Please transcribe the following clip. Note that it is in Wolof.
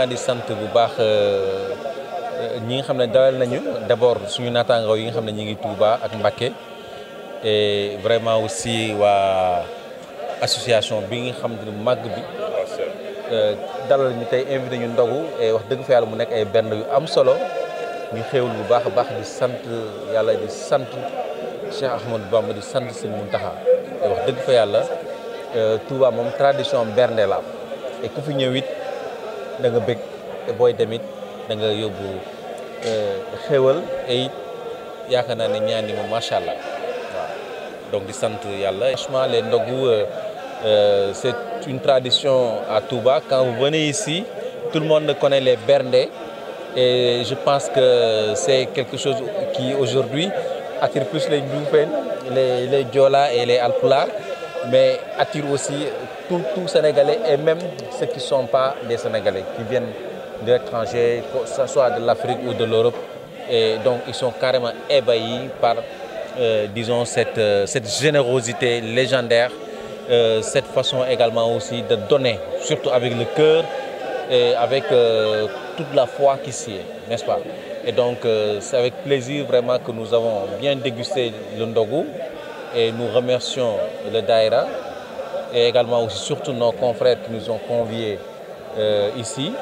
vraiment sant bu baax euh, euh, ñi nga xam ne dalal nañu d' abord suñu naataangoo yi nga xam ne ñu ngi Touba ak Mbacké et vraiment aussi waa association bi nga xam ne màgg bi euh, dalal ñu tey invité ñu ndogu et wax dëgg fa yàlla mu nekk ay benn yu am solo ñu xéewul bu baax a baax di sant yàlla di sant Cheikh Ahmadou Bamba di sant Sëñ Muntaxa wax dëgg fa yàlla Touba moom tradition bernde la ku fi ñëw da nga bëgg booy demit danga yóbbu euh, xéwal ay yaakaar naa ne ñaan yi allah donc di sant yàlla. franchement les ndogu euh, euh, c'est une tradition à Touba quand vous venez ici le monde connaît les berndés et je pense que c'est quelque chose qui aujourd'hui attire plus les Ndioufène les les et les Alpulaar. mais attire aussi tout, tout Sénégalais et même ceux qui ne sont pas des Sénégalais, qui viennent de l'étranger, que ce soit de l'Afrique ou de l'Europe. Et donc, ils sont carrément ébahis par, euh, disons, cette, euh, cette, générosité légendaire, euh, cette façon également aussi de donner, surtout avec le cœur et avec euh, toute la foi qui s'y est, n'est-ce pas Et donc, euh, c'est avec plaisir vraiment que nous avons bien dégusté le Ndogu. et nous remercions le Daïra et également aussi surtout nos confrères qui nous ont conviés euh, ici.